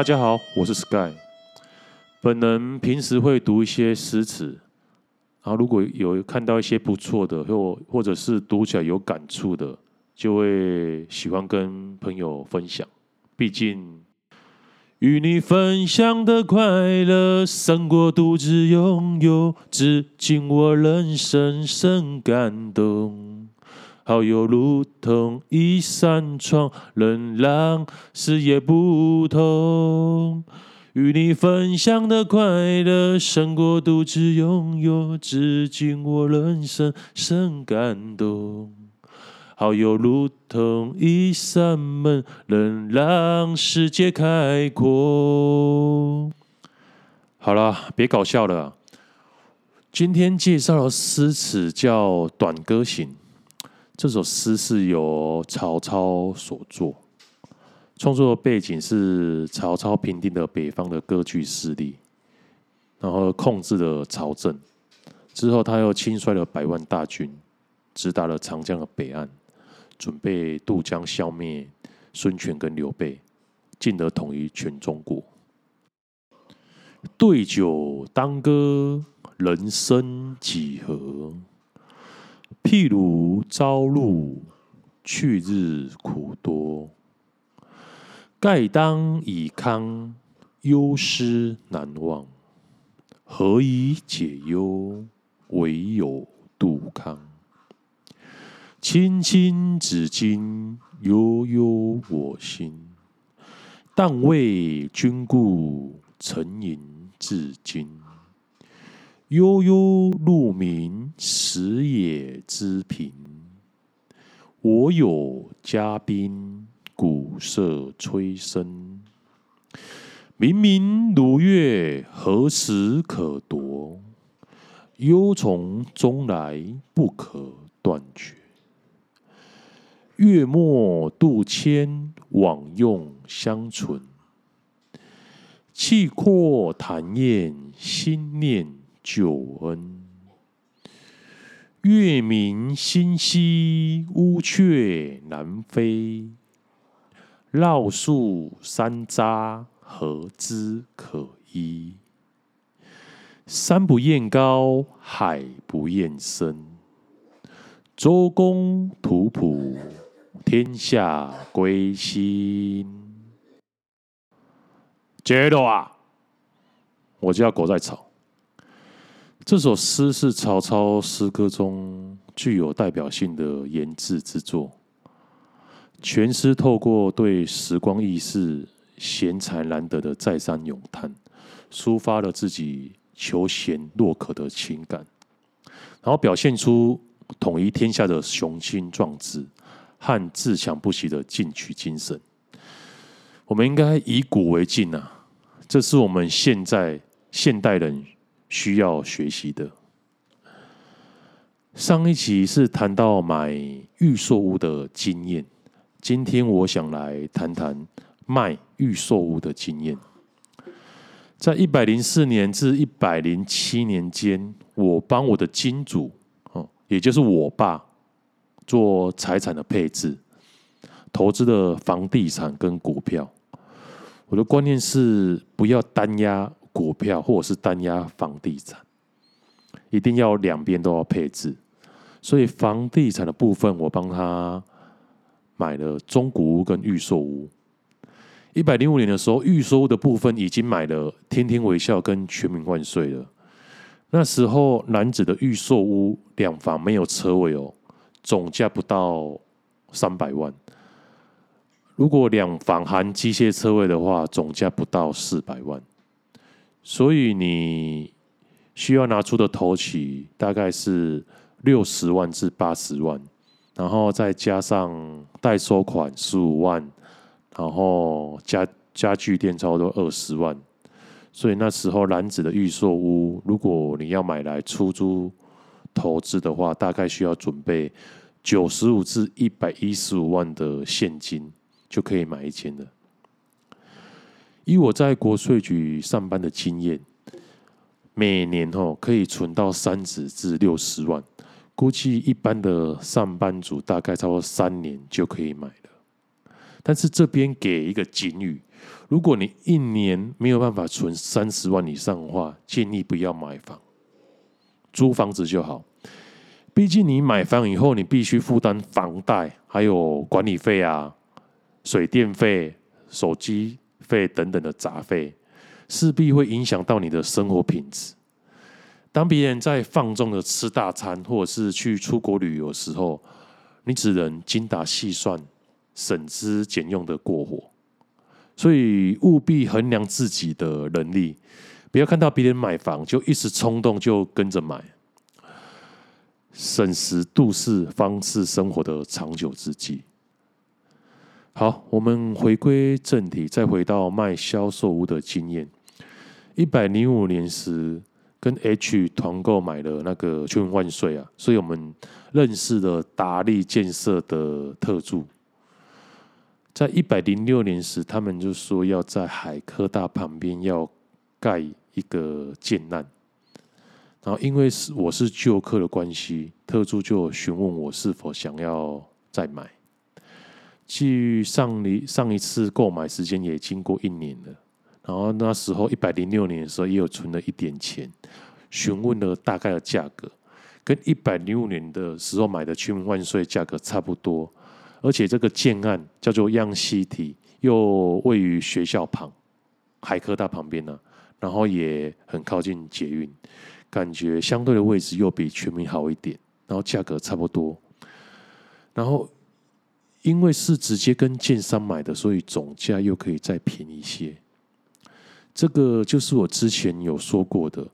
大家好，我是 Sky。本人平時會讀一些詩詞，然後如果有看到一些不錯的，或或者是讀起來有感觸的，就會喜歡跟朋友分享。畢竟，與你分享的快樂勝過獨自擁有，至今我仍深深感動。好友如同一扇窗，能讓視野不同。與你分享的快樂，勝過獨自擁有。至今我人生深感動。好友如同一扇門，能讓世界開闊。好了，別搞笑了。今天介紹的詩詞叫《短歌行》。這首詩是由曹操所作，創作的背景是曹操平定了北方的割據勢力，然後控制了朝政。之後，他又親率了百萬大軍，直達了長江的北岸，準備渡江消滅孫權跟劉備，進而統一全中國。對酒當歌，人生幾何？譬如朝露，去日苦多。慨當以慷，憂思難忘，何以解憂？唯有杜康。青青子衿，悠悠我心。但為君故，沉吟至今。悠悠鹿鳴，食野之蘋。我有嘉賓，鼓瑟吹笙。明明如月，何時可掇？憂從中來，不可斷絕。越陌度阡，枉用相存。契闊談宴，心念。舊恩，月明星稀，烏鵲南飛。繞樹三匝，何枝可依？山不厭高，海不厭深。周公吐哺，天下歸心。傑羅啊，我叫狗在吵。這首詩是曹操詩歌中具有代表性的言志之作。全詩透過對時光易逝、賢才難得的再三詠嘆，抒發了自己求賢若渴的情感，然後表現出統一天下的雄心壯志和自強不息的進取精神。我們應該以古為鏡。啊，這是我們現在現代人。需要學習的。上一期是談到買預售屋的經驗，今天我想來談談賣預售屋的經驗。在一百零四年至一百零七年間，我幫我的金主，哦，也就是我爸，做財產的配置，投資的房地產跟股票。我的觀念是不要單押。股票或者是單押房地產，一定要兩邊都要配置。所以房地產的部分，我幫他買了中古屋跟預售屋。一百零五年的時候，預售屋的部分已經買了天天微笑跟全民萬歲了。那時候楠梓的預售屋兩房沒有車位哦，總價不到三百萬。如果兩房含機械車位的話，總價不到四百萬。所以你需要拿出的頭期大概是六十萬至八十萬，然後再加上代收款十五萬，然後家家具店差不多二十萬，所以那時候男子的預售屋，如果你要買來出租投資的話，大概需要準備九十五至一百一十五萬的現金就可以買一間了。以我在國稅局上班的經驗，每年哦可以存到三十至六十萬，估計一般的上班族大概差不多三年就可以買了。但是這邊給一個警語：如果你一年沒有辦法存三十萬以上的話，建議不要買房，租房子就好。畢竟你買房以後，你必須負擔房貸，還有管理費啊、水電費、手機。費等等的雜費，勢必會影響到你的生活品質。當別人在放縱的吃大餐，或者是去出國旅遊時候，你只能精打細算，省吃儉用的過活。所以務必衡量自己的能力，不要看到別人買房就一時衝動，就跟着買。審時度勢方是生活的長久之計。好，我們回歸正題，再回到賣預售屋的經驗。一百零五年時，跟 H 團購買了那個“全民萬歲”啊，所以我們認識了達利建設的特助。在一百零六年時，他們就說要在海科大旁邊要蓋一個建案。然後因為是我是舊客的關係，特助就詢問我是否想要再買。距上一上一次購買時間也經過一年了，然後那時候一百零六年的時候也有存了一點錢，詢問了大概的價格，跟一百零五年的時候買的“全民萬歲”價格差不多，而且這個建案叫做央西體，又位於學校旁，海科大旁邊呢，然後也很靠近捷運，感覺相對的位置又比全民好一點，然後價格差不多，然後。因為是直接跟建商買的，所以總價又可以再便宜一些。這個就是我之前有說過的，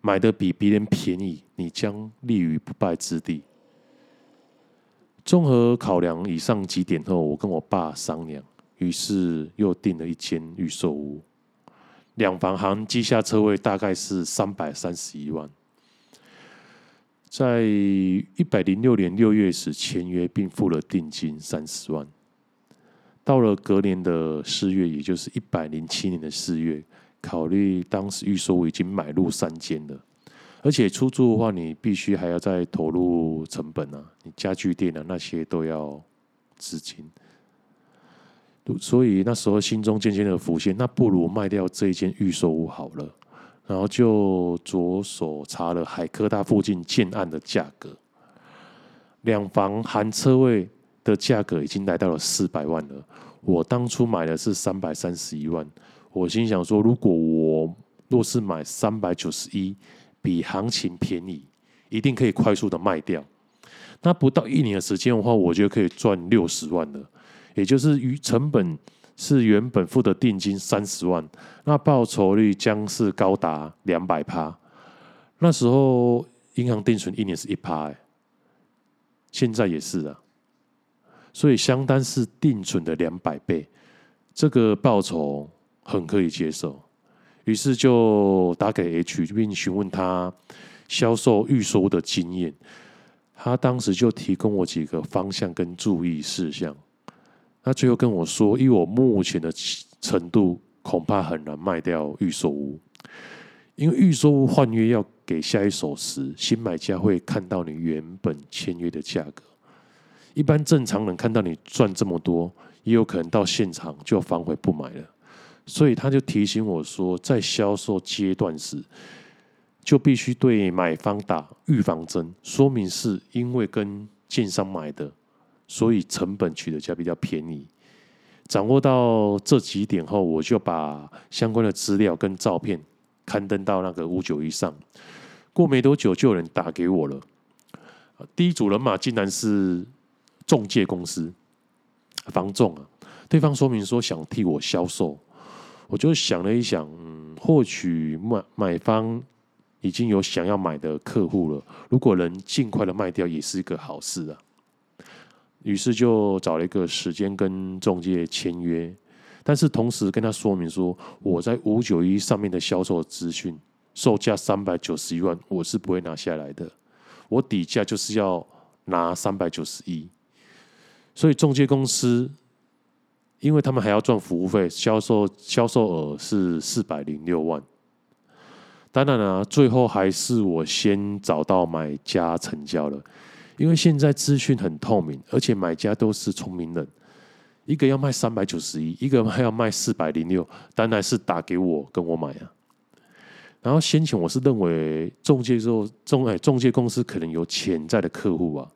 買的比別人便宜，你將立於不敗之地。綜合考量以上幾點後，我跟我爸商量，於是又訂了一間預售屋，兩房含地下車位，大概是三百三十一萬。在一百零六年六月時簽約，並付了定金三十萬。到了隔年的四月，也就是一百零七年的四月，考慮當時預售屋已經買入三間了，而且出租的話，你必須還要再投入成本啊，你家具店啊那些都要資金。所以那時候心中漸漸的浮現，那不如賣掉這一間預售屋好了。然後就着手查了海科大附近建案的價格，兩房含車位的價格已經來到了四百萬了。我當初買的是三百三十一萬，我心想說，如果我若是買三百九十一，比行情便宜，一定可以快速的賣掉。那不到一年的時間的話，我就可以賺六十萬了，也就是與成本。是原本付的定金三十萬，那報酬率將是高達兩百趴。那時候銀行定存一年是一趴，哎、欸，現在也是啊，所以相當是定存的兩百倍，這個報酬很可以接受。於是就打給 H，並詢問他銷售預售屋的經驗。他當時就提供我幾個方向跟注意事項。他最後跟我說：“以我目前的程度，恐怕很難賣掉預售屋，因為預售屋換約要給下一手時，新買家會看到你原本簽約的價格。一般正常人看到你賺這麼多，也有可能到現場就反悔不買了。所以他就提醒我說，在銷售階段時，就必須對買方打預防針，說明是因為跟建商買的。”所以成本取得價比較便宜。掌握到這幾點後，我就把相關的資料跟照片刊登到那個五九一上。過沒多久就有人打給我了。第一組人馬竟然是中介公司房仲啊。對方說明說想替我銷售，我就想了一想，嗯，或許買買方已經有想要買的客戶了。如果能盡快的賣掉，也是一個好事啊。於是就找了一個時間跟仲介簽約，但是同時跟他說明說，我在五九一上面的銷售資訊，售價三百九十一萬，我是不會拿下來的，我底價就是要拿三百九十一。所以仲介公司，因為他們還要賺服務費，銷售銷售額是四百零六萬。當然了、啊，最後還是我先找到買家成交了。因為現在資訊很透明，而且買家都是聰明人，一個要賣三百九十一，一個還要賣四百零六，當然是打給我跟我買啊。然後先前我是認為中介說、就、中、是、哎，中介公司可能有潛在的客戶啊，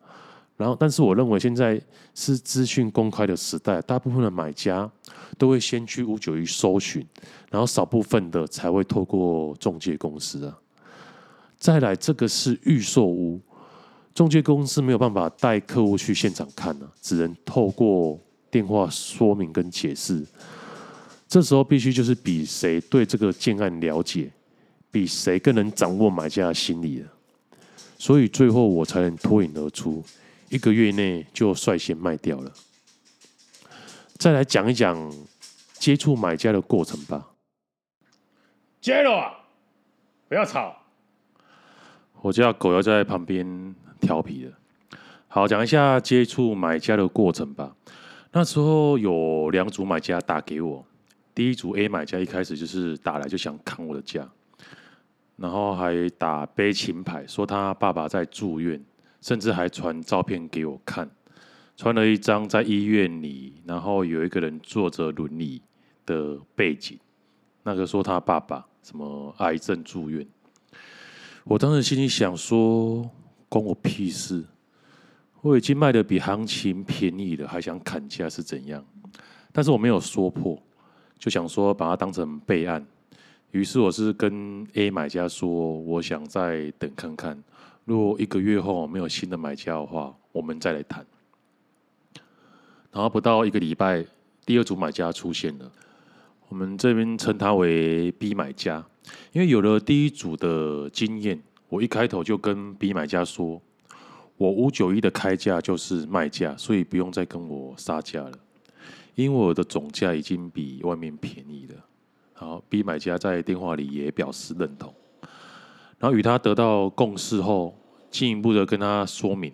然後，但是我認為現在是資訊公開的時代，大部分的買家都會先去五九一搜尋，然後少部分的才會透過中介公司啊。再來，這個是預售屋。中介公司沒有辦法帶客戶去現場看呢，只能透過電話說明跟解釋。這時候必須就是比誰對這個建案了解，比誰更能掌握買家的心理了。所以最後我才能脫穎而出，一個月內就率先賣掉了。再來講一講接觸買家的過程吧。Jeno，不要吵。我家狗要在旁邊。調皮的，好，講一下接觸買家的過程吧。那時候有兩組買家打給我，第一組 A 買家一開始就是打來就想砍我的價，然後還打悲情牌，說他爸爸在住院，甚至還傳照片給我看，傳了一張在醫院裡，然後有一個人坐着輪椅的背景，那個說他爸爸什麼癌症住院，我當時心裡想說。關我屁事！我已經賣得比行情便宜了，還想砍價是怎樣？但是我沒有說破，就想說把它當成備案。於是我是跟 A 買家說，我想再等看看，如果一個月後我沒有新的買家的話，我們再來談。然後不到一個禮拜，第二組買家出現了，我們這邊稱他為 B 買家，因為有了第一組的經驗。我一開頭就跟 B 買家說，我五九一的開價就是賣價，所以不用再跟我殺價了，因為我的總價已經比外面便宜了。然後，B 買家在電話裡也表示認同，然後與他得到共識後，進一步的跟他說明，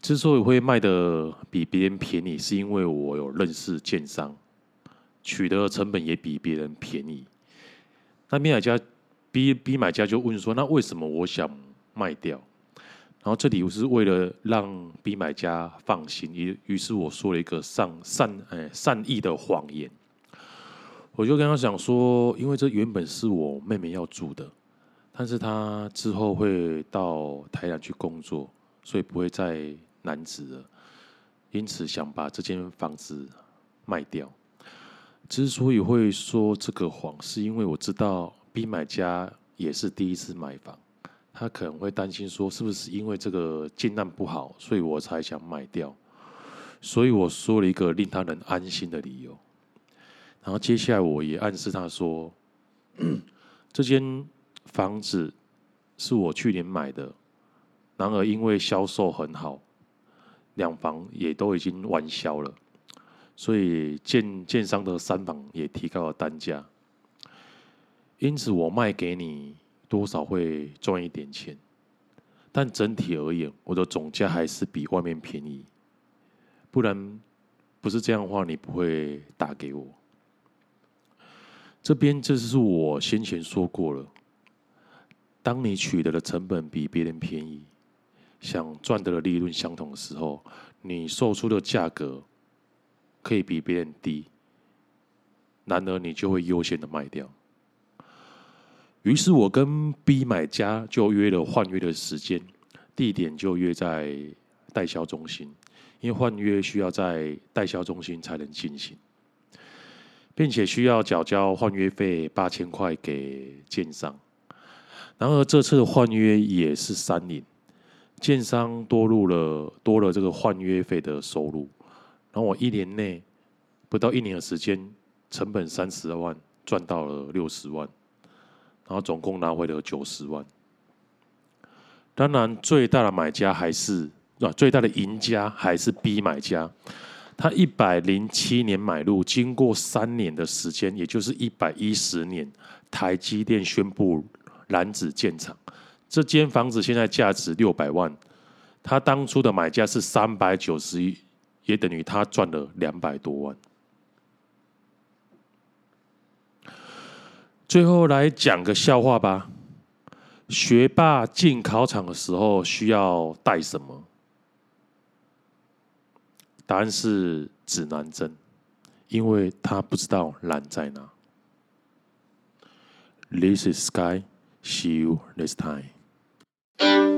之所以會賣的比別人便宜，是因為我有認識建商，取得的成本也比別人便宜。那 B 買家。逼逼買家就問說：“那為什麼我想賣掉？”然後這裡我是為了讓 B 買家放心，於於是我說了一個善善哎、欸、善意的謊言。我就跟他講說，因為這原本是我妹妹要住的，但是她之後會到台南去工作，所以不會再南子了。因此想把這間房子賣掉。之所以會說這個謊，是因為我知道。B 買家也是第一次買房，他可能會擔心說，是不是因為這個建案不好，所以我才想賣掉？所以我說了一個令他能安心的理由。然後接下來，我也暗示他說，嗯、這間房子是我去年買的，然而因為銷售很好，兩房也都已經完銷了，所以建建商的三房也提高了單價。因此，我賣給你多少會賺一點錢，但整體而言，我的總價還是比外面便宜。不然，不是這樣的話，你不會打給我。這邊，就是我先前說過了。當你取得的成本比別人便宜，想賺得的利潤相同的時候，你售出的價格可以比別人低，然而你就會優先的賣掉。於是我跟 B 買家就約了換約的時間，地點就約在代銷中心，因為換約需要在代銷中心才能進行，並且需要繳交換約費八千塊給建商。然後這次換約也是三年，建商多入了多了這個換約費的收入。然後我一年內不到一年的時間，成本三十萬，賺到了六十萬。然後總共拿回了九十萬。當然，最大的買家還是啊，最大的贏家還是 B 買家。他一百零七年買入，經過三年的時間，也就是一百一十年，台積電宣布楠梓建廠。這間房子現在價值六百萬，他當初的買價是三百九十一，也等於他賺了兩百多萬。最後來講個笑話吧。學霸進考場的時候需要帶什麼？答案是指南針，因為他不知道難在哪。This is Sky, see you next time.